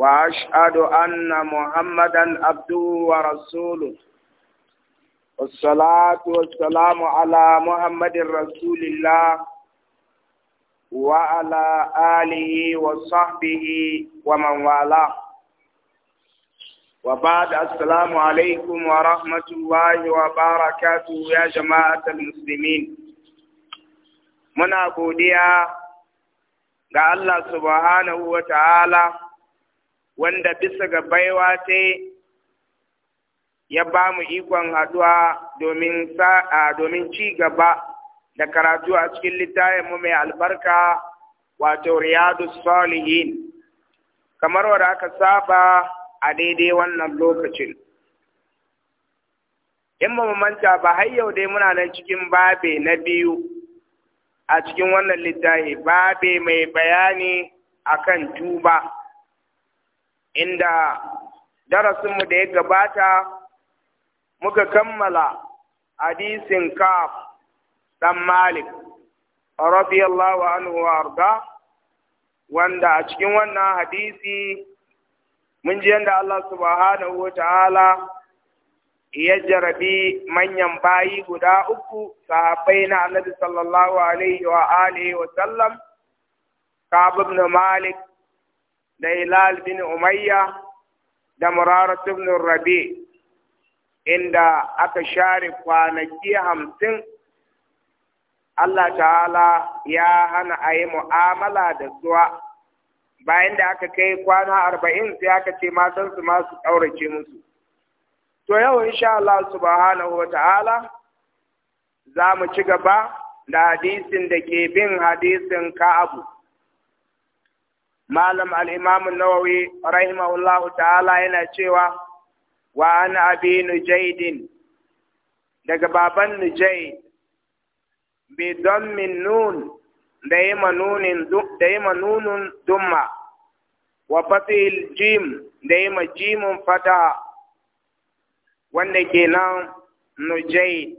وأشهد أن محمدا عبده ورسوله والصلاة والسلام على محمد رسول الله وعلى آله وصحبه ومن والاه وبعد السلام عليكم ورحمة الله وبركاته يا جماعة المسلمين من أبو ديا قال الله سبحانه وتعالى wanda bisa ga baiwa ya ba mu ikon haɗuwa domin domin ci gaba da karatu a cikin littafin mu mai albarka wato riyadu salihin kamar wadda aka saba a daidai wannan lokacin in ba mu manta ba har yau dai muna nan cikin babe na biyu a cikin wannan littafi babe mai bayani akan tuba inda darasinmu da ya gabata muka kammala hadisin kaf dan malik radiyallahu anhu arda wanda a cikin wannan hadisi mun ji yadda Allah subhanahu wa ta'ala ya jarabi manyan bayi guda uku sahabbai na annabi sallallahu alaihi wa alihi wa sallam Ka'ab ibn Malik da Hilal bin Umayya da Murara ibn Rabi inda aka share kwanaki hamsin Allah ta'ala ya hana a yi mu'amala da zuwa, bayan da aka kai kwana arba'in sai aka ce matansu masu ɗaurace musu. To yau insha Allah subhanahu wa ta'ala za mu ci gaba da hadisin da ke bin hadisin Ka'abu. malam al-imam an-nawawi rahimahullahu ta'ala yana cewa wa an abi nujaydin daga baban nujayd bi dammin nun da yima nunin nunun dumma wa fatil jim da yima jimun fata wanda ke nan nujayd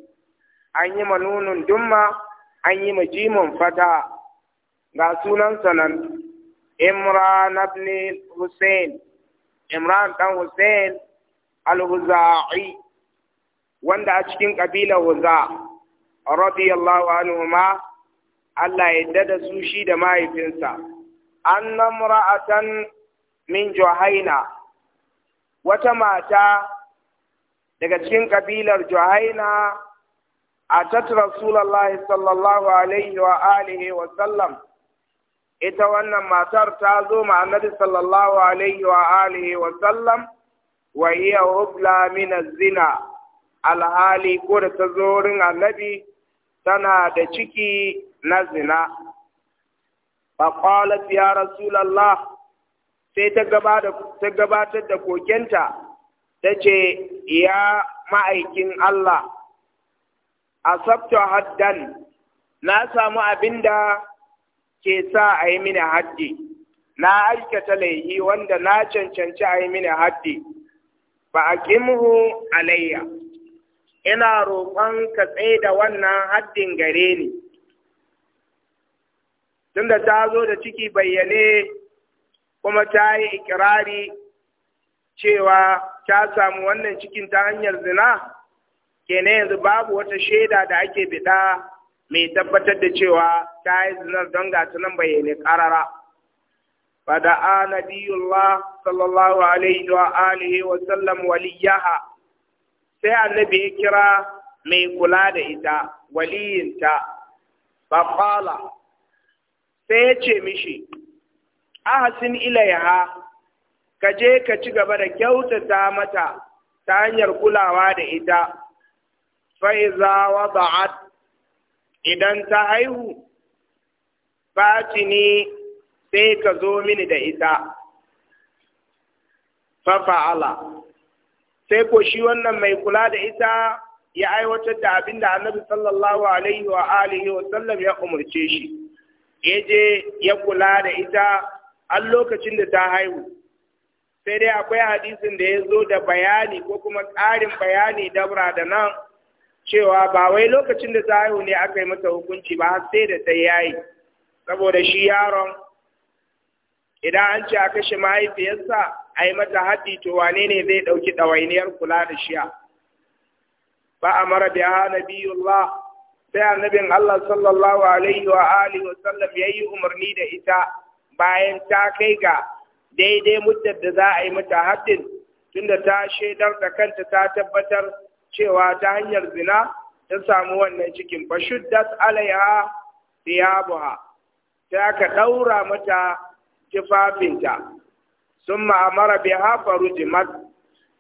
an yima nunun dumma an yima jimun fata ga sunan sanan Imran ibn Hussein Imran dan Hussein al-Huza'i wanda a cikin kabila Huza radiyallahu anhu ma Allah ya dada su shi da mahaifinsa anna imra'atan min Juhaina wata mata daga cikin kabilar Juhaina a tat Rasulullahi sallallahu alaihi wa alihi wa sallam ita wannan matar ta zo ma annabi sallallahu alaihi wa alihi wa sallam wa hiya ubla min zina alhali ko da ta zo rin annabi tana da ciki na zina fa qalat ya rasulullah sai ta gabatar da kokenta ta ce ya ma'aikin Allah a haddan na samu abinda ke sa a yi mini haddi na aikata laihi wanda na cancanci a yi mini haddi ba a kimhu alayya ina roƙon ka tsaye da wannan haddin gare ni tunda ta zo da ciki bayyane kuma ta yi ikirari cewa ta samu wannan cikin ta hanyar zina kenan yanzu babu wata shaida da ake bida mai tabbatar da cewa ta yi zinar don ga nan bayyane karara fada a nabiyullah sallallahu alaihi wa alihi wa sallam waliyaha sai annabi ya kira mai kula da ita waliyinta faƙala sai ya ce mishi ahasin ilaiha ka je ka ci gaba da kyautata mata ta hanyar kulawa da ita fa'iza wa ba'at idan ta haihu fati ne sai ka zo mini da ita fafa'ala sai ko shi wannan mai kula da ita ya aiwatar da abin da annabi sallallahu alaihi wa alihi wa sallam ya umarce shi ya je ya kula da ita an lokacin da ta haihu sai dai akwai hadisin da ya zo da bayani ko kuma ƙarin bayani dabra da nan cewa ba wai lokacin da ta haihu ne aka yi mata hukunci ba har sai da ta yayi saboda shi yaron idan an ce a kashe mahaifiyarsa a yi mata haɗi to wane ne zai ɗauki ɗawainiyar kula da shi shiya ba a mara biya nabiyullah sai annabin Allah sallallahu alaihi wa alihi wa sallam yayi umarni da ita bayan ta kai ga daidai muddar da za a yi mata haddin tunda ta shaidar da kanta ta tabbatar cewa ta hanyar zina ta samu wannan cikin fa da alaiha thiyabuha ta ka daura mata tufafinta sun ma'amara bi hafa sa'an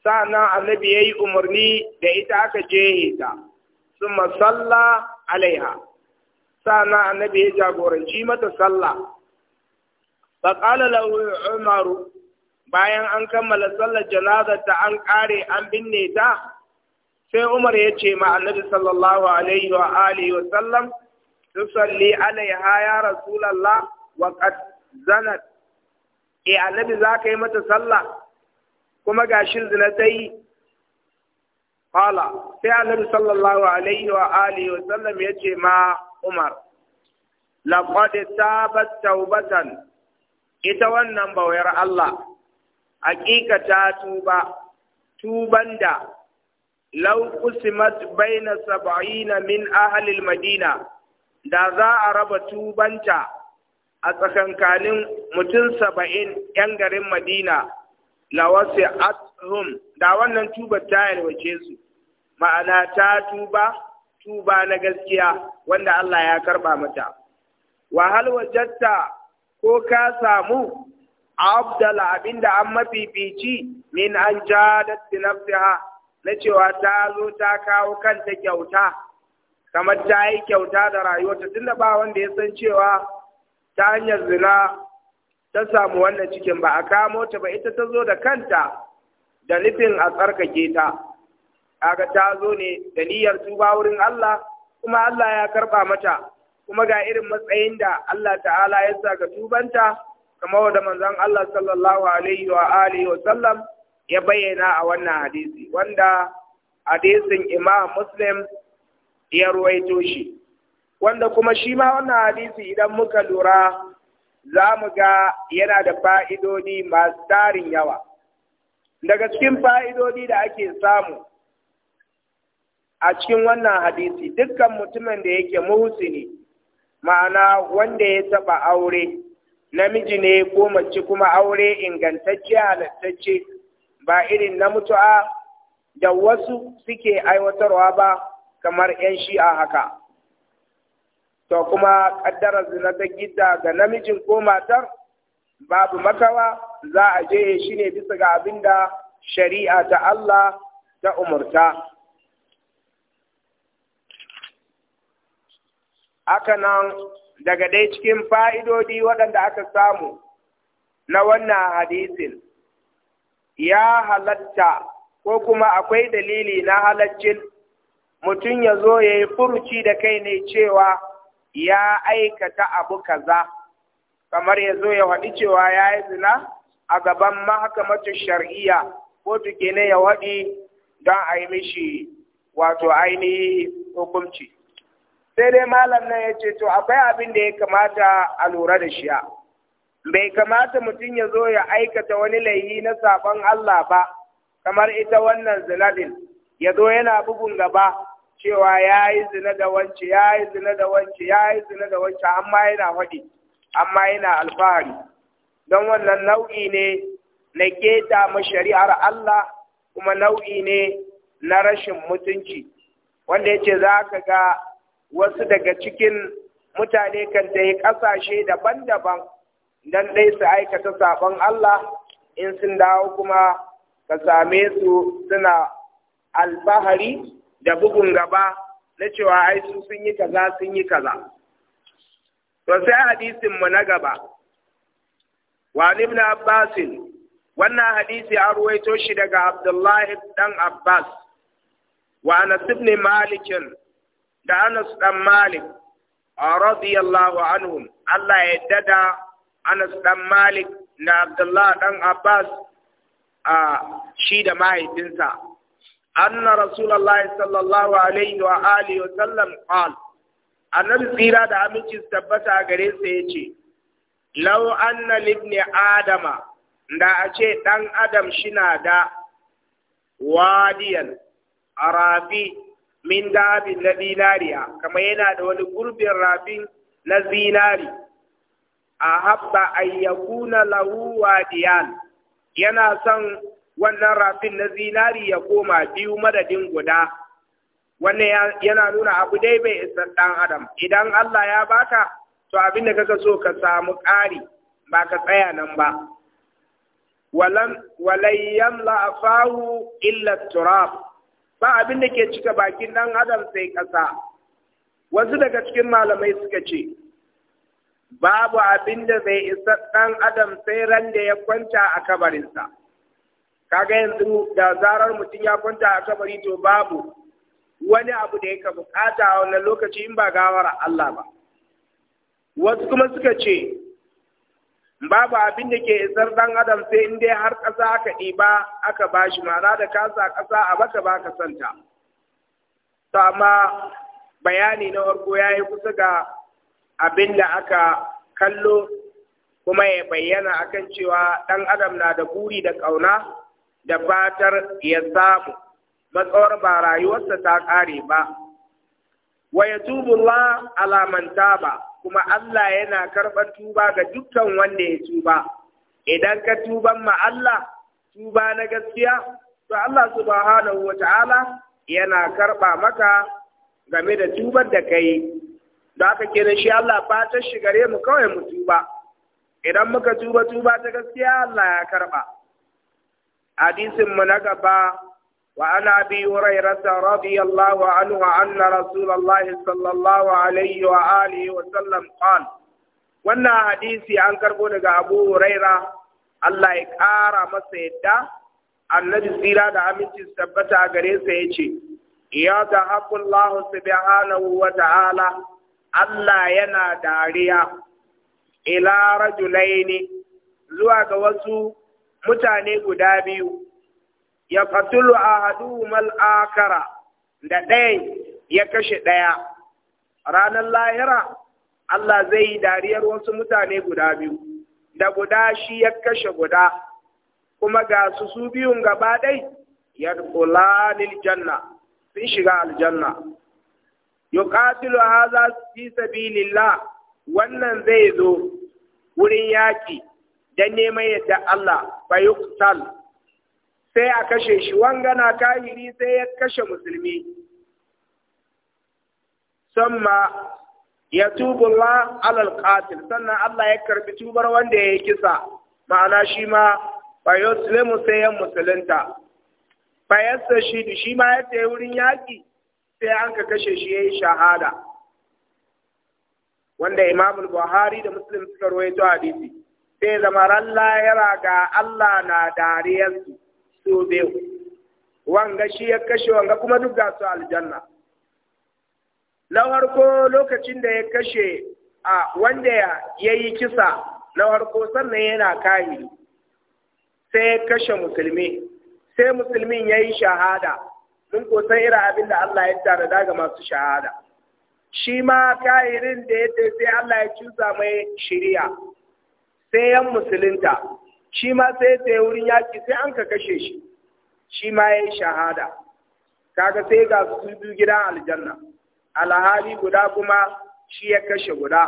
sa'annan annabi ya yi umarni da ita aka jehe ta sun salla alaiha sa'annan annabi ya jagoranci mata sallah faƙala lahu umaru bayan an kammala sallar janazar ta an ƙare an binne ta sai Umar ya ce ma annabi sallallahu alaihi wa alihi wa sallam tusalli alaiha ya rasulullah wa qad zanat e annabi za ka yi mata sallah kuma gashin zina ta yi sai annabi sallallahu alaihi wa alihi wa sallam ya ce ma Umar, laqad tabat taubatan ita wannan bawayar Allah, hakika ta tuba, tuban da law qusimat baina sab'ina min ahli al-madina da za a raba tubanta a tsakankanin mutum saba'in 'yan garin madina lawasi athum da wannan tuba ta yalwace su ma'ana ta tuba tuba na gaskiya wanda Allah ya karɓa mata wa hal ko ka samu Abdala, abinda an mafifici min an jadat nafsiha na cewa ta zo ta kawo kanta kyauta kamar ta yi kyauta da rayuwarta tunda ba wanda ya san cewa ta hanyar zina ta samu wannan cikin ba a kamo ta ba ita ta zo da kanta da nufin a tsarkake ta kaga ta zo ne da niyyar tuba wurin Allah kuma Allah ya karba mata kuma ga irin matsayin da Allah ta'ala ya sa ga tubanta kamar da manzon Allah sallallahu alaihi wa alihi wa sallam ya bayyana a wannan hadisi wanda hadisin imam muslim ya ruwaito shi wanda kuma shi ma wannan hadisi idan muka lura za mu ga yana da fa'idodi masu tarin yawa daga cikin fa'idodi da ake samu a cikin wannan hadisi dukkan mutumin da yake muhusini ma'ana wanda ya taɓa aure namiji ne ko mace kuma aure ingantacce halittacce ba irin na mutu'a da wasu suke aiwatarwa ba kamar 'yan shi'a haka. To kuma ƙaddarar zina ta gidda ga namijin ko matar babu makawa za a je shi ne bisa ga abin da shari'a ta Allah ta umurta. Haka nan daga dai cikin fa'idodi waɗanda aka samu na wannan hadisin. ya halatta ko kuma akwai dalili na halaccin mutum ya zo ya yi furuci da kai ne cewa ya aikata abu kaza kamar ya zo ya faɗi cewa ya yi zina a gaban mahakamatu shar'iyya tuke ne ya waɗi don a yi mishi wato ainihi hukunci sai dai malam nan ya ce to akwai abin da ya kamata a lura da shia bai kamata mutum ya zo ya aikata wani laihi na sabon Allah ba kamar ita wannan zinadin ya zo yana bugun gaba cewa ya yi zina da wance ya yi zina da wance ya yi zina da wance amma yana faɗi amma yana alfahari don wannan nau'i ne na keta ma shari'ar Allah kuma nau'i ne na rashin mutunci wanda ya ce za ka ga wasu daga cikin mutane kan ta yi ƙasashe daban-daban dan dai su aikata sabon Allah in sun dawo kuma ka same su suna alfahari da bugun gaba na cewa ai su sun yi kaza sun yi kaza to sai hadisin mu na gaba wa ibn Abbas wannan hadisi an ruwaito shi daga Abdullahi dan Abbas wa Anas ibn Malik da Anas dan Malik radiyallahu anhum Allah ya dada Anas ɗan Malik da Abdullah dan Abbas a shi da mahaifinsa anna Rasulallah sallallahu alaihi wa alihi wa sallam qal annabi tsira da aminci tabbata a gare sa yace law anna libni adama da a ce dan adam shina da wadiyan rafi min dabin na zinariya kamar yana da wani gurbin rafin na zinari ahabba an yakuna lahu wadiyan yana son wannan rafin na zinari ya koma biyu madadin guda wannan yana nuna abu dai bai isa dan adam idan Allah ya baka to abin da kaka so ka samu ƙari ba ka tsaya nan ba walayyan la'afahu illa turab ba abin da ke cika bakin dan adam sai ƙasa wasu daga cikin malamai suka ce babu abin da zai isa ɗan adam sai ran da ya kwanta a kabarinsa kaga yanzu da zarar mutum ya kwanta a kabari to babu wani abu da yake bukata a wannan lokaci in ba gawara Allah ba wasu kuma suka ce babu abin da ke isar ɗan adam sai in dai har ƙasa aka ɗiba aka bashi mara da kasa ƙasa a baka ka santa to amma bayani na farko yayi kusa ga abin da aka kallo kuma ya bayyana akan cewa ɗan adam na da buri da ƙauna da fatar ya samu matsawar ba rayuwarsa ta ƙare ba wa ya tubullah alamanta ba kuma Allah yana karɓar tuba ga dukkan wanda ya tuba idan ka tuban ma Allah tuba na gaskiya to Allah subhanahu wa ta'ala yana karɓa maka game da tubar da kai da haka kenan shi Allah fatan shi gare mu kawai mu tuba idan muka tuba tuba ta gaskiya Allah ya karba hadisin mu na gaba wa ana bi hurairah radiyallahu anhu anna rasulullah sallallahu alaihi wa alihi wa sallam qala wannan hadisi an karbo daga Abu huraira Allah ya kara masa yadda annabi tsira da aminci tabbata gare sa yace ya tahaqqu Allah subhanahu wa ta'ala Allah yana dariya ila rajulaini zuwa ga wasu mutane guda biyu ya fatulu ahaduhumal akara da ɗayan ya kashe ɗaya ranar lahira Allah zai yi dariyar wasu mutane guda biyu da guda shi ya kashe guda kuma ga su su biyun gaba ɗai janna sun shiga aljanna yuqatilu hadha fi sabilillah wannan zai zo wurin yaki dan neman yadda Allah fa yuqtal sai a kashe shi wangana kahiri sai ya kashe musulmi samma ya tubu Allah alal qatil sannan Allah ya karbi tubar wanda ya kisa ma'ana shi ma fa yuslimu sai ya musulunta fa yastashidu shi ma ya tayi wurin yaki sai an ka kashe shi yayi shahada wanda Imam Buhari da Muslim suka rawaito hadisi sai zama Allah ya raga Allah na dariyarsu, su biyu wanga shi ya kashe wanga kuma duk ga su aljanna na harko lokacin da ya kashe a wanda ya yi kisa na farko sannan yana kahiri sai ya kashe musulmi sai musulmin ya yi shahada mun ko san irin abin da Allah ya da ga masu shahada shi ma kahirin da ya sai Allah ya cusa mai shiriya sai yan musulunta shi ma sai ta wurin yaki sai an ka kashe shi shi ma ya yi shahada kaga sai ga su biyu gidan aljanna alhali guda kuma shi ya kashe guda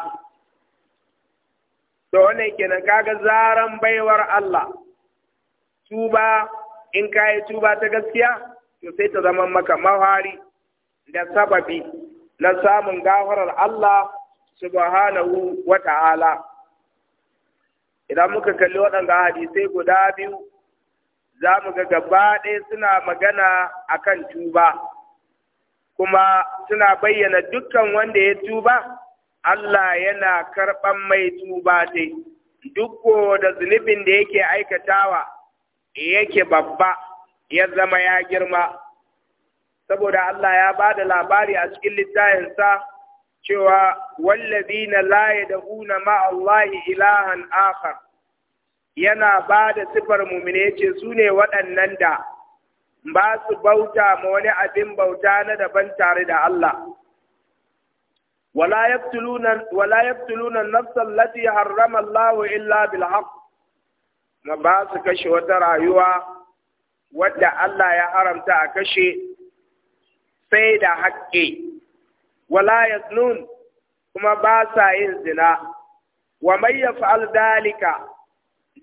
to wannan kenan kaga zaran baiwar Allah tuba in kayi tuba ta gaskiya to sai ta zama maka mahari da sababi na samun gafarar Allah subhanahu wa ta'ala. Idan muka kalli waɗanda hadisai guda biyu, za mu ga gaba ɗaya suna magana a kan tuba, kuma suna bayyana dukkan wanda ya tuba, Allah yana karɓan mai tuba sai duk da zunubin da yake aikatawa yake babba. ya zama ya girma saboda Allah ya ba da labari a cikin littafinsa cewa wallazina la yad'una ma Allahi ilahan akhar yana ba da sifar mumine yace su ne waɗannan da ba su bauta ma wani abin bauta na daban tare da Allah wala yaqtuluna wala yaqtuluna allati harrama illa bil haqq ma ba su kashe wata rayuwa wadda Allah ya haramta a kashe sai da haƙƙe, wala ya nun kuma ba sa yin zina wa ya fa’al dalika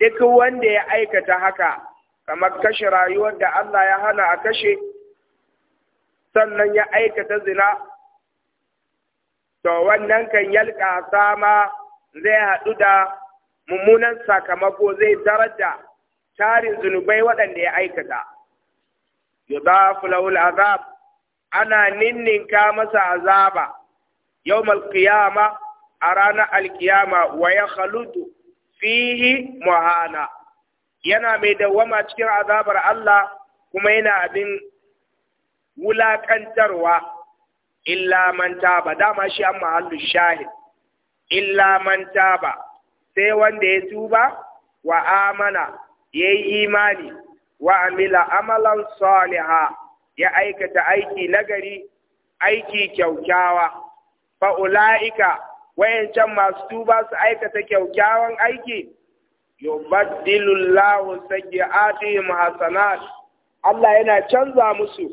duk wanda ya aikata haka kamar kashe rayuwar da Allah ya hana a kashe sannan ya aikata zina to wannan kan yalka sama zai haɗu da mummunan sakamako zai daraja tarin zunubai waɗanda ya aikata yudafu lahul azab ana ninninka masa azaba Yau Malkiyama, a ranar alkiyama wa ya halutu fihi muhana yana mai dawama cikin azabar Allah kuma yana abin wulaƙantarwa illa man taba dama shi an mahallu shahid illa man taba sai wanda ya tuba wa amana yayi imani wa amila amalan saliha ya aikata aiki nagari aiki kyaukyawa fa ulaika wayancan masu tuba su aikata kyaukyawan aiki yubaddilu llahu sayyi'atihim hasanat Allah yana canza musu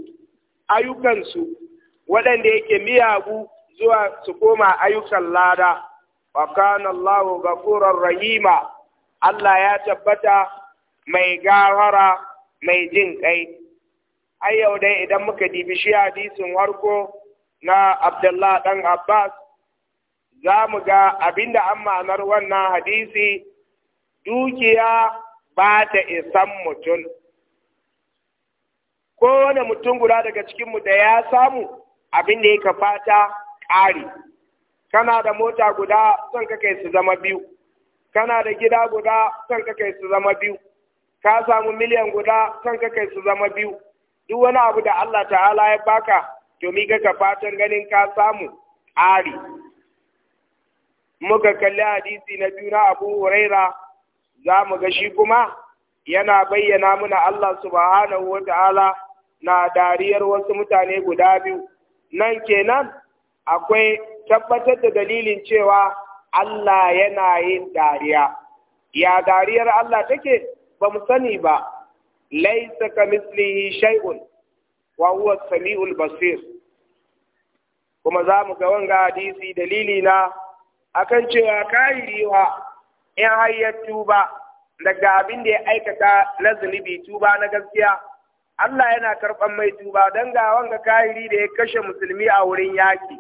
ayyukansu waɗanda yake miyagu zuwa su koma ayyukan lada wa kana Allahu ghafurur rahima Allah ya tabbata mai gawara mai jin kai ai yau dai idan muka dibi shi hadisin warko na Abdullah Ɗan Abbas za mu ga abinda an ma'anar wannan hadisi dukiya ba ta isan mutum kowane mutum guda daga cikinmu da ya samu abin da ya fata ƙari kana da mota guda son ka su zama biyu kana da gida guda son ka su zama biyu ka samu miliyan guda kan ka kai su zama biyu duk wani abu da Allah ta'ala ya baka to mi ka fatan ganin ka samu ari. muka kalli hadisi na biyu na Abu Huraira za mu ga shi kuma yana bayyana muna Allah subhanahu wa ta'ala na dariyar wasu mutane guda biyu nan kenan akwai tabbatar da dalilin cewa Allah yana yin dariya ya dariyar Allah take ba mu sani ba laisa ka mislihi shay'un wa huwa samiul basir kuma za mu ga wanga hadisi dalili na akan cewa kayiriwa in hayyatu ya tuba daga abin da ya aikata na zunubi tuba na gaskiya Allah yana karɓar mai tuba don ga wanga kahiri da ya kashe musulmi a wurin yaki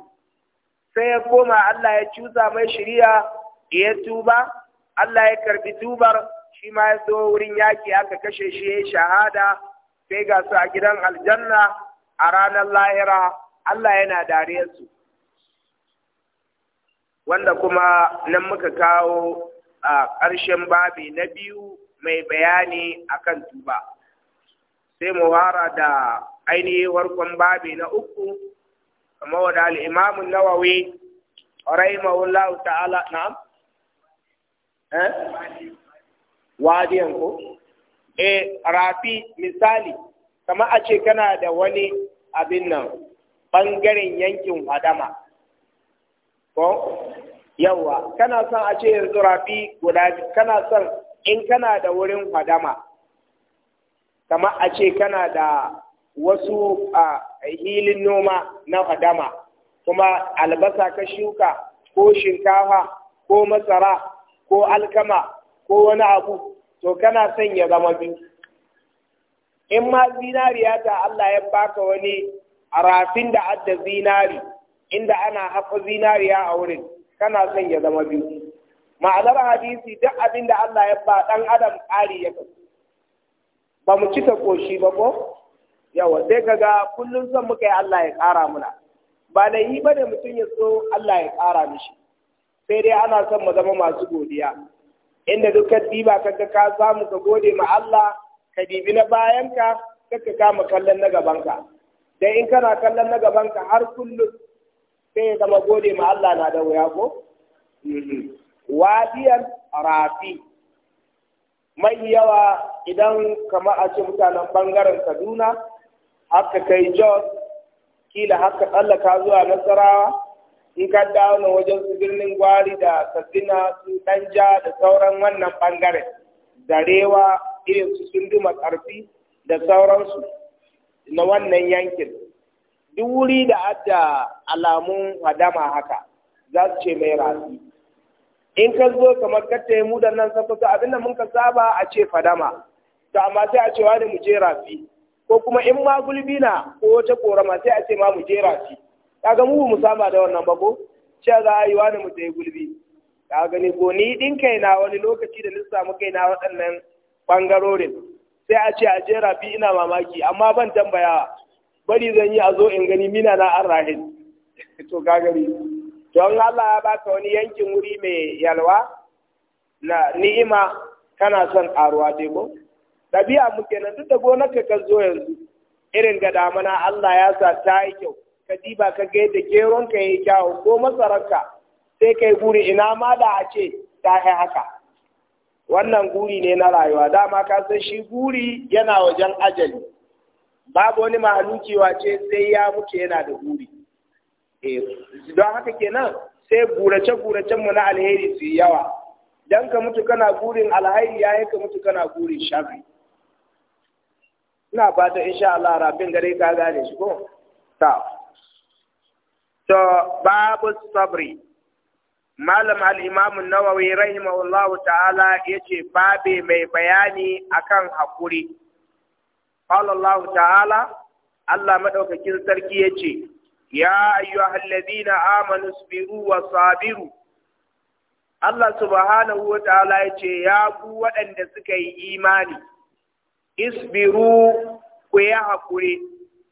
sai ya koma Allah ya cusa mai shiriya ya tuba Allah ya karɓi tubar shi ma ya zo wurin yaki aka kashe shi ya shahada sai ga su a gidan aljanna a ranar lahira Allah yana dariyarsu wanda kuma nan muka kawo a ƙarshen babi na biyu mai bayani akan tuba sai mu fara da ainihin warkon babi na uku kamar wadda al’imamu nawawi rahimahullahu ta'ala na wadiyan ko e rafi misali kama a ce kana da wani abin nan ɓangaren yankin hadama ko yawa kana son a ce yanzu rafi guda kana son in kana da wurin hadama kama a ce kana da wasu a hilin noma na hadama kuma albasa ka shuka ko shinkafa ko masara ko alkama ko wani abu to kana son ya zama biyu in ma zinariya ta Allah ya baka wani arafin da adda zinari inda ana haƙo zinariya a wurin kana son ya zama biyu ma'anar hadisi duk abin da Allah ya ba ɗan adam ƙari ya kasu ba mu cika koshi ba ko yawa sai kaga kullum son muka yi Allah ya ƙara muna ba da yi ba da mutum ya so Allah ya ƙara mishi sai dai ana son mu zama masu godiya inda dukkan diba ga ka samu ka gode ma Allah ka dibi na bayanka ka kama kallon na gabanka dan in kana kallon na gabanka har kullum sai ya zama gode ma Allah na da wuya ko mm-hmm. wadiyan rafi mai yawa idan kama a ce mutanen bangaren Kaduna haka kai Jos kila haka tsallaka zuwa Nasarawa in ka dawo na wajen su birnin gwari da sassina su danja da sauran wannan bangare zarewa irin su sunduma karfi da sauransu na wannan yankin duk wuri da adda alamun hadama haka za su ce mai rafi in ka zo kamar katta mu da nan sakwato abinda mun ka saba a ce fadama to amma sai a ce wani mu je rafi ko kuma in ma gulbina ko wata korama sai a ce ma mu je rafi kaga mu mu saba da wannan ba ko cewa za a yi wani mu tayi gulbi ka gani ko ni din na wani lokaci da lissa mu kai kaina waɗannan bangarorin sai a ce a jera bi ina mamaki amma ban tambaya bari zan yi a zo in gani mina na an rahil to ka gani don Allah ya baka wani yankin wuri mai yalwa na ni'ima kana son karuwa dai ko dabi'a muke nan duk da gonar ka zo yanzu irin ga damana Allah ya sa ta yi kyau ka diba ka ga yadda geron ka yi kyawu ko masararka sai kai guri ina ma da a ce ta kai haka wannan guri ne na rayuwa dama ka san shi guri yana wajen ajali babu wani mahaluki ce sai ya mutu yana da guri eh don haka kenan sai gurace guracen mu na alheri su yawa dan ka mutu kana gurin alhairi yi ka mutu kana gurin shafi. ina fata insha Allah rabin gare ka gane shi ko ta to babu sabri malam al-imam nawawi rahimahullahu ta'ala ce babe mai bayani akan hakuri Allah ta'ala Allah maɗaukakin sarki ya ce. ya ayyu ayyuhalladhina amanu sabiru wa sabiru Allah subhanahu wa ta'ala ce ya ku waɗanda suka yi imani isbiru ku yi hakuri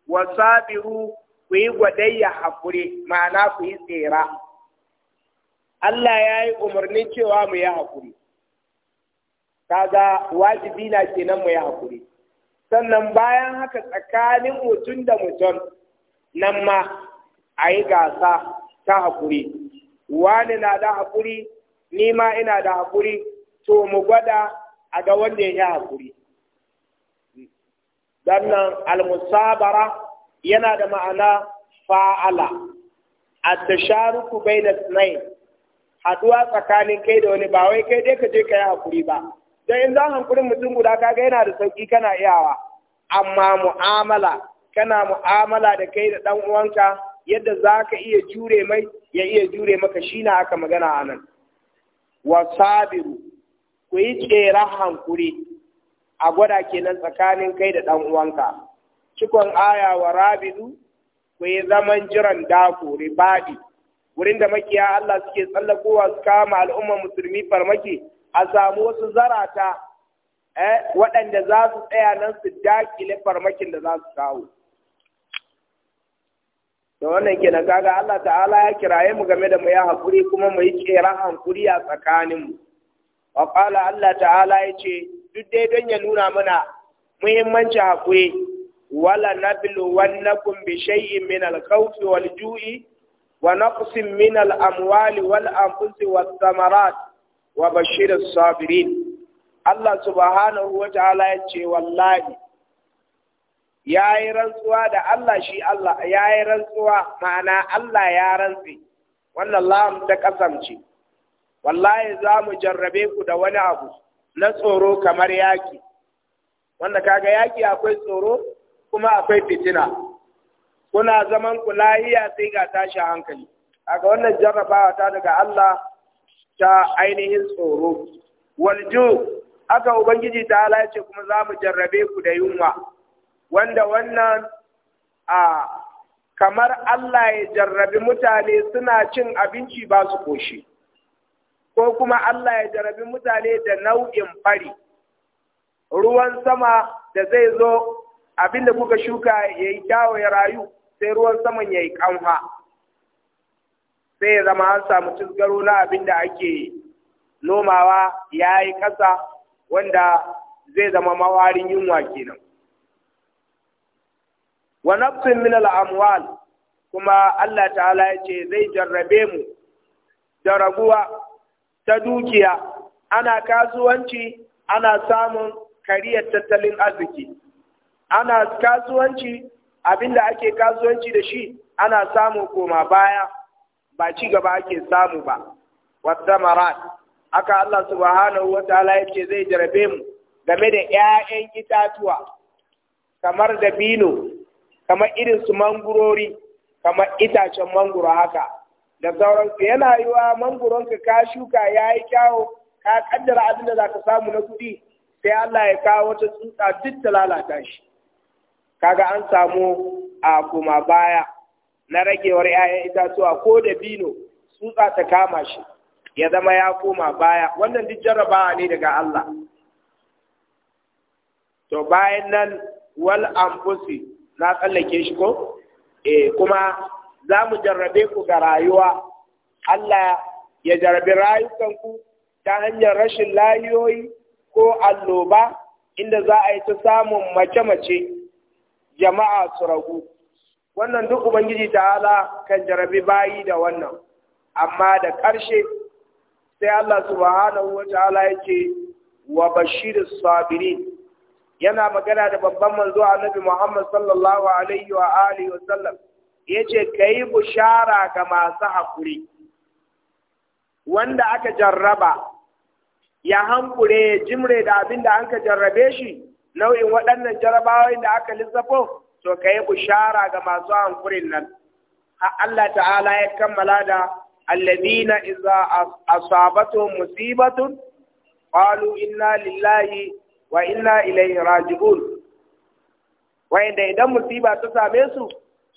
wa sabiru ku yi gwadayya haƙuri ma'ana ku yi tsera Allah ya yi umarni cewa mu yi haƙuri kaga wajibi na kenan mu yi haƙuri sannan bayan haka tsakanin mutum da mutum nan ma a yi gasa ta haƙuri wani na da haƙuri ni ma ina da haƙuri to mu gwada a ga wanda ya yi haƙuri sannan musabara. yana da ma'ana fa'ala at-tasharuku bayna ithnayn haduwa tsakanin kai da wani ba wai kai dai ka je ka yi hakuri ba dan in zan hankurin mutum guda kaga yana da sauki kana iyawa amma mu'amala kana mu'amala da kai da dan uwanka yadda zaka iya jure mai ya iya jure maka shi na aka magana anan wa sabiru ku yi tsere hankuri a gwada kenan tsakanin kai da ɗan uwanka cikon aya wa rabidu ku yi zaman jiran dako ribadi wurin da makiya Allah suke tsallakowa su kama al'ummar musulmi farmaki a samu wasu zarata eh, waɗanda za su tsaya nan su dakile farmakin da za su kawo da wannan kenan kaga Allah ta'ala ya kiraye mu game da mu ya hakuri kuma mu yi tseren hankuri a mu wa Allah ta'ala yace duk dai don ya nuna mana muhimmancin hakuri wala nabluwannakum bi shay'in min al-khawfi wal-ju'i wa naqsin min al-amwali wal-anfusi wath-thamarat wa bashir as-sabirin Allah subhanahu wa ta'ala ya ce wallahi yayi rantsuwa da Allah shi Allah yayi rantsuwa ma'ana Allah ya rantsi wannan lam ta kasance wallahi za mu jarrabe ku da wani abu na tsoro kamar yaki wanda kaga yaki akwai tsoro kuma akwai fitina kuna zaman ku lahiya sai ga tashi hankali aga wannan jarrabawa ta daga Allah ta ainihin tsoro walju aka ubangiji ta halace kuma za mu jarrabe ku da yunwa wanda wannan a kamar Allah ya jarrabi mutane suna cin abinci ba su koshi ko kuma Allah ya jarrabi mutane da nau'in fari ruwan sama da zai zo Abin da kuka shuka ya yi kyawo ya rayu sai ruwan saman ya yi kanfa sai ya zama an samu cizgaro na abin da ake nomawa ya yi ƙasa wanda zai zama mawarin yunwa kenan wa nafsin min al'amwal kuma Allah ta'ala ya ce zai jarrabe mu da raguwa ta dukiya ana kasuwanci ana samun kariyar tattalin arziki ana kasuwanci abinda ake kasuwanci da shi ana samu koma baya ba ci gaba ake samu ba wasamarat aka Allah subhanahu wa ta'ala yake zai jarabe mu game da ƴaƴan itatuwa kamar dabino kamar irin su mangurori kamar itacen mangoro haka da sauransu yana yiwa manguronka ka shuka yayi yi kyawo ka kaddara abin da za ka samu na kuɗi sai Allah ya kawo wata tsutsa duk ta lalata shi kaga an samu a kuma baya na ragewar 'ya'yan itatuwa ko da bino tsutsa ta kama shi ya zama ya koma baya wannan duk jarrabawa ne daga Allah to bayan nan wal anfusi na tsallake shi ko eh kuma za mu jarrabe ku ga rayuwa Allah ya jarrabe ku ta hanyar rashin layoyi ko alloba inda za a yi ta samun mace-mace jama'a su ragu wannan duk ubangiji ta'ala kan jarabi bayi da wannan amma da ƙarshe sai Allah subhanahu wa ta'ala yake wa bashir sabirin yana magana da babban manzo annabi Muhammad sallallahu alaihi wa alihi wa sallam yace kai bushara ga masu hakuri wanda aka jarraba ya hankure jimre da abin da an ka jarrabe shi nau'in waɗannan jarabawar da aka lissafo to ka yi bushara ga masu hankurin nan Allah ta'ala ya kammala da alladina iza asabatu musibatun qalu inna lillahi wa inna ilaihi raji'un wanda idan musiba ta same su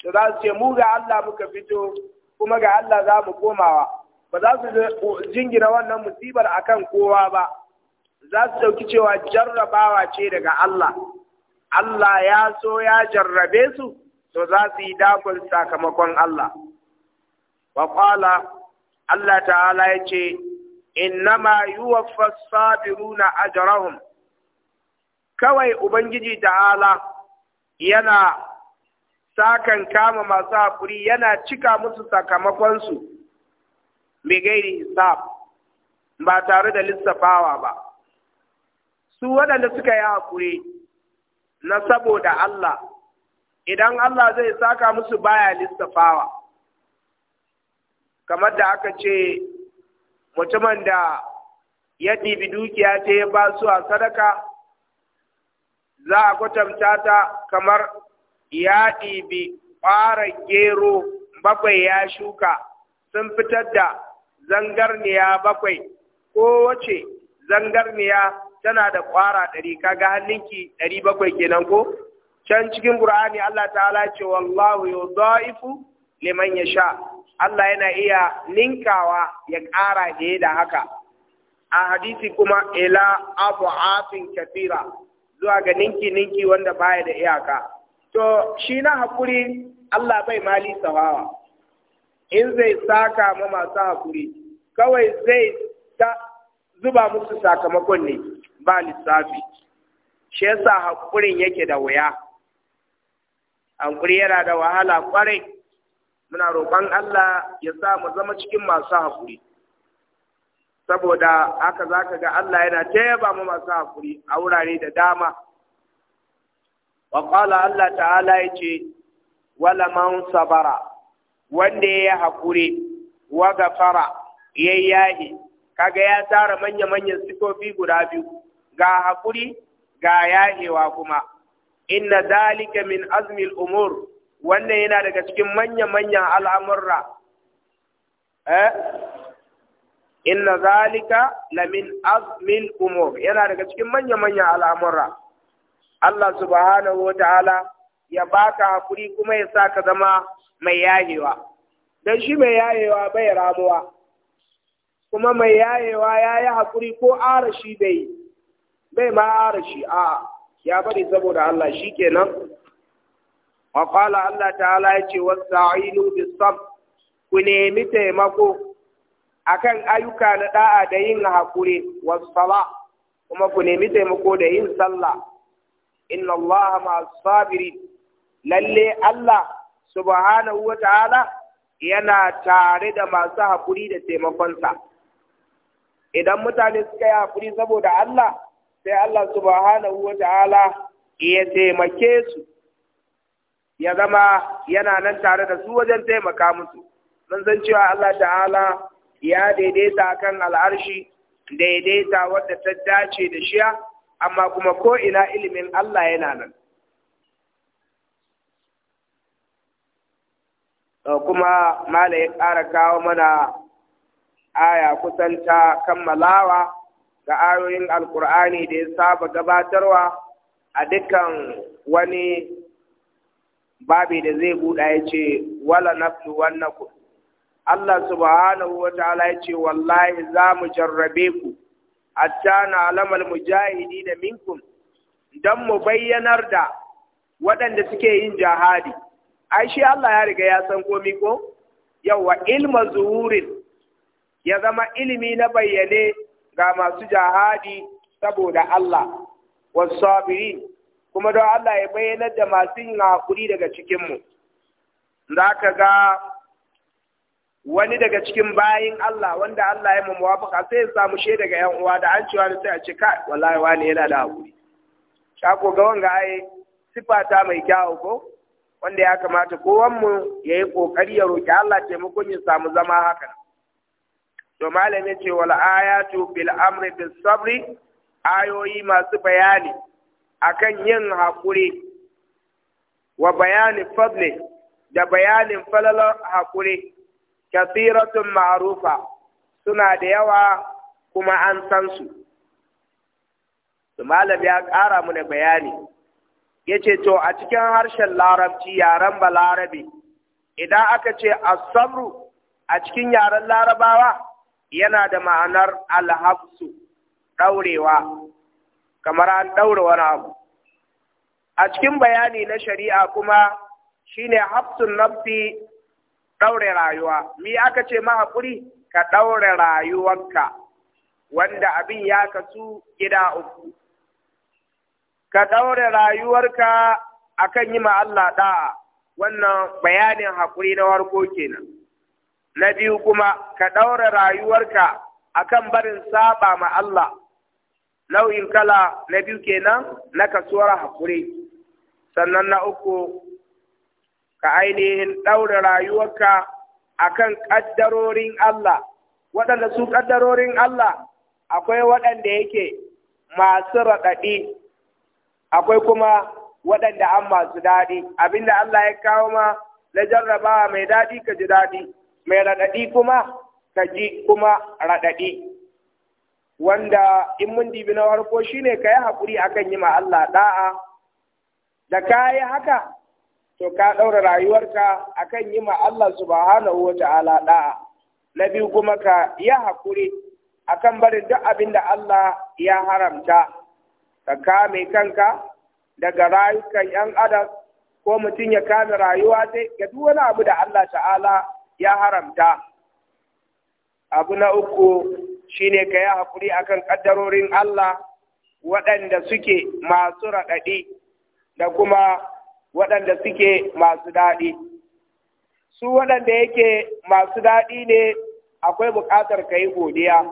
to za su ce mu ga Allah muka fito kuma ga Allah za mu komawa ba za su jingina wannan musibar akan kowa ba za su ɗauki cewa jarrabawa ce daga Allah Allah ya so ya jarrabe su to za su yi dakon sakamakon Allah wa Allah ta'ala ya ce innama yuwaffas sabiruna jarahun, kawai ubangiji ta'ala yana sakan kama masu haƙuri yana cika musu sakamakonsu mai gairi hisab ba tare da lissafawa ba su waɗanda suka yi haƙuri na saboda Allah idan Allah zai saka musu baya lissafawa kamar da aka ce mutumin da ya ɗibi dukiya ta ya ba su a sadaka za a kwatanta ta kamar ya ɗibi ƙwarar gero bakwai ya shuka sun fitar da zangarniya bakwai ko wace zangarniya tana da kwara ɗari kaga hannunki ɗari bakwai kenan ko can cikin Qur'ani Allah ta'ala ce wallahu yudaifu liman sha. Allah yana iya ninkawa ya ƙara da da haka a hadisi kuma ila abu abu'afin kafira zuwa ga ninki ninki wanda baya da iyaka to shi na hakuri Allah bai mali sawawa in zai saka ma masu hakuri kawai zai ta zuba musu sakamakon ne ba lissafi shi yasa haƙurin yake da wuya haƙuri yana da wahala kwarai. muna roƙon Allah ya sa mu zama cikin masu hakuri saboda haka za ka ga Allah yana ta mu masu hakuri a wurare da dama wa Allah ta'ala ya ce wala man sabara wanda ya haƙuri wa gafara ya yahi kaga ya tara manya-manyan sifofi guda biyu ga haƙuri ga yayewa kuma inna dalika min azmil umur wannan yana daga cikin manya-manyan al'amurra eh inna zalika lamin azmil umur yana daga cikin manya-manyan al'amurra Allah subhanahu wa ta'ala ya baka hakuri kuma ya sa ka zama mai yayewa don shi mai yayewa bai ramuwa kuma mai yayewa ya yi hakuri ko arashi bai bai ma shi. a ya bari saboda Allah shi kenan wa qala Allah ta'ala ce wasta'inu bis sabr ku nemi taimako akan ayyuka na da'a da yin hakuri was sala kuma ku nemi taimako da yin sallah inna Allah ma lalle Allah subhanahu wa ta'ala yana tare da masu haƙuri da taimakonsa. Idan mutane suka yi haƙuri saboda Allah, sai Allah subhanahu wa ta'ala ya taimake su ya zama yana nan tare da su wajen taimaka musu mun san cewa Allah ta'ala ya daidaita kan al'arshi daidaita wadda ta dace da shiya amma kuma ko ina ilimin Allah yana nan kuma mala ya ƙara kawo mana aya kusan ta kammalawa ga ayoyin alkur'ani da ya saba gabatarwa a dukkan wani babi da zai buɗa ya ce wala wannan wannaku Allah subhanahu wa ta'ala ya ce wallahi za mu jarrabe ku hatta na alamal mujahidi da minkum don mu bayyanar da waɗanda suke yin jahadi ai shi Allah ya riga ya san komi ko yawa ilma zuhurin ya zama ilimi na bayyane ga masu jahadi saboda Allah wasabirin kuma don Allah ya bayyana da masu yin hakuri daga cikinmu za ka ga wani daga cikin bayin Allah wanda Allah ya baka sai ya samu she daga yan uwa da an cewa sai a ce kai wallahi yana da hakuri shako ga wanga ai ta mai kyau ko wanda ya kamata kowanmu ya yi ƙoƙari ya roƙi Allah taimakon ya samu zama hakan to malamin ce wal ayatu bil amri bis sabri ayoyi masu bayani akan yin hakuri wa bayani fadli da bayanin falalar hakuri kasiratun ma'rufa suna da yawa kuma an san su malam ya ƙara mu da bayani ya ce to a cikin harshen larabci yaren balarabe idan aka ce asabru a cikin yaren larabawa yana da ma'anar alhabsu ɗaurewa kamar an ɗaure wani abu a cikin bayani na shari'a kuma shine hafsun nafsi ɗaure rayuwa mi aka ce ma haƙuri? ka ɗaure rayuwarka wanda abin ya kasu gida uku ka ɗaure rayuwarka akan yi ma Allah ɗa'a wannan bayanin haƙuri na warko kenan na biyu kuma ka ɗaura rayuwarka akan barin saba ma Allah nau'in kala na biyu kenan na kasuwar hakuri sannan na uku ka ainihin ɗaura rayuwarka akan ƙaddarorin Allah waɗanda su ƙaddarorin Allah akwai waɗanda yake masu raɗaɗi akwai kuma waɗanda an masu daɗi abinda Allah ya kawo ma na jarrabawa mai daɗi ka ji daɗi mai raɗaɗi kuma ka ji kuma raɗaɗi wanda in mun dibi na farko shine ka yi haƙuri akan yi ma Allah ɗa'a da ka yi haka to ka ɗaura rayuwarka akan yi ma Allah subhanahu wa ta'ala ɗa'a na biyu kuma ka yi haƙuri akan barin duk abin da Allah ya haramta ka kame kanka daga rayukan 'yan adam ko mutum ya kame rayuwa dai ga duk wani abu da Allah ta'ala ya haramta abu na uku shine ka yi haƙuri akan ƙaddarorin Allah waɗanda suke masu raɗaɗi da kuma waɗanda suke masu daɗi su waɗanda yake masu daɗi ne akwai buƙatar ka yi godiya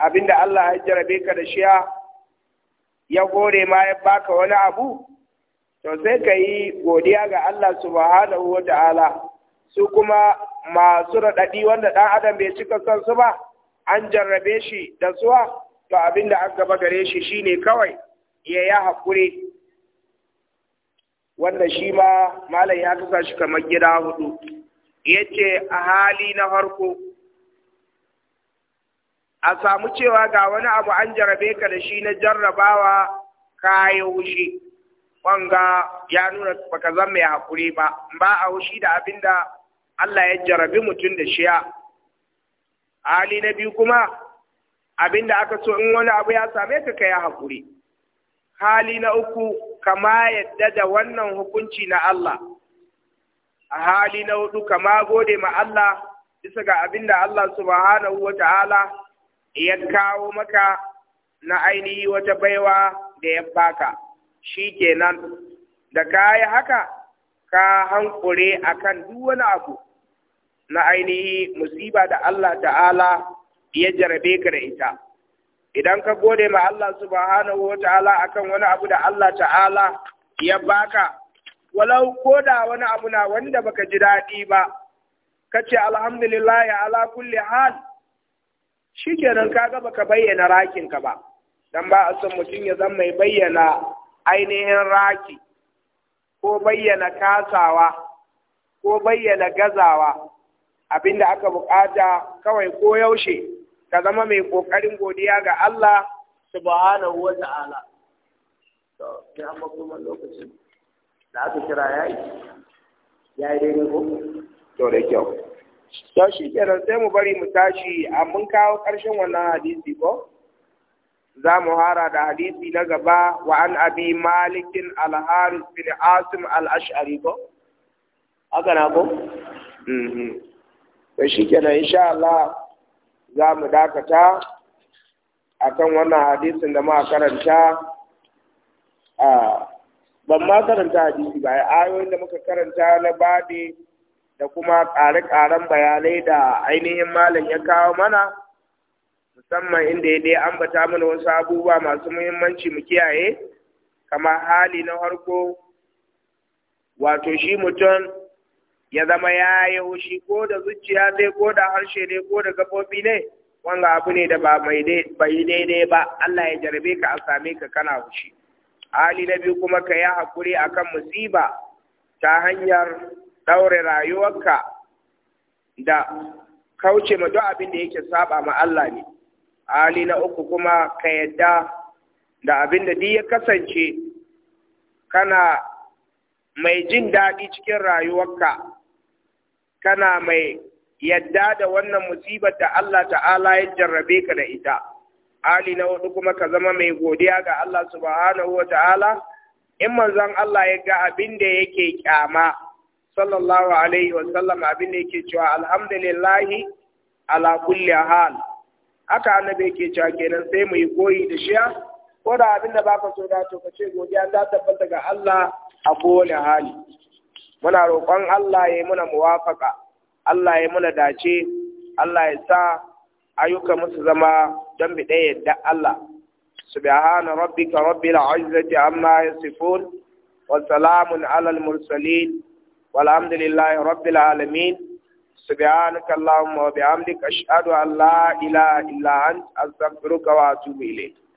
abinda Allah ya jarabe ka da shiya ya gode ma ya baka wani abu to sai ka yi godiya ga Allah subhanahu wa ta'ala su kuma masu raɗaɗi wanda ɗan adam bai cika son su ba an jarrabe shi da suwa to abin da an gaba gare shi shine kawai ya yi haƙuri wanda shi ma malam ya kasa shi kamar gida hudu ya ce a hali na farko a samu cewa ga wani abu an jarrabe ka da shi na jarrabawa ka yi hushi wanga ya nuna baka zan mai haƙuri ba ba a hushi da abin da Allah ya jarabi mutum da shiya hali na biyu kuma abinda aka so in wani abu ya same ka kai hakuri hali na uku kama yadda da wannan hukunci na Allah a hali na hudu kama gode ma Allah bisa ga abinda Allah subhanahu wa ta'ala ya kawo maka na ainihi wata baiwa da ya baka shi kenan da ka yi haka ka hankure akan duk wani abu na ainihi musiba da Allah ta'ala ya jarabe ka da ita idan ka gode ma Allah subhanahu wa ta'ala akan wani abu da Allah ta'ala ya baka walau koda wani abu na wanda baka ji daɗi ba kace alhamdulillah ya ala kulli hal shikenan kaga baka bayyana rakin ka ba dan ba a son mutum ya zama mai bayyana ainihin raki ko bayyana kasawa ko bayyana gazawa abinda aka bukata kawai ko yaushe ka zama mai kokarin godiya ga Allah subhanahu wa ta'ala to ki amma kuma lokacin da aka kira yayi yayi daidai ko to da kyau to shi kenan sai mu bari mu tashi mun kawo karshen wannan hadisi ko za mu hara da hadisi na gaba wa an abi malikin al-haris bin asim al-ash'ari ko aka na ko mm -hmm. to shikenan insha Allah za mu dakata akan wannan hadisin da muka karanta a ban ma karanta hadisi ba ayoyin da muka karanta na babi da kuma ƙare-ƙaren bayanai da ainihin malam ya kawo mana musamman inda ya dai ambata mana wasu abubuwa masu muhimmanci mu kiyaye kamar hali na harko wato shi mutum ya zama ya yi hushi ko da zuciya ne ko da harshe ne ko da gabobi ne wanga abu ne da ba mai bai daidai ba Allah ya jarabe ka a same ka kana hushi hali na biyu kuma ka yi hakuri a akan musiba ta hanyar ɗaure rayuwarka da kauce ma duk abin da yake saba ma Allah ne Ali na uku kuma ka yadda da abin da ya kasance kana mai jin daɗi cikin rayuwarka kana mai yadda da wannan musibar da Allah ta'ala ya jarrabe ka da ita ali na huɗu kuma ka zama mai godiya ga Allah subhanahu wa ta'ala in manzon Allah ya ga abin da yake kyama sallallahu alaihi wa sallam abin da yake cewa alhamdulillahi ala kulli hal haka annabi yake cewa kenan sai mu yi koyi da shi ko da abin da baka so da to ka ce godiya ta tabbata ga Allah a kowane hali muna roƙon Allah ya yi muna muwafaka Allah ya yi muna dace Allah ya sa ayyuka musu zama don bi ɗaya yadda Allah subhana rabbika rabbil izzati amma yasifun wa salamun alal mursalin walhamdulillahi rabbil alamin subhanaka allahumma wa bihamdika ashhadu an la ilaha illa anta astaghfiruka wa atubu ilayk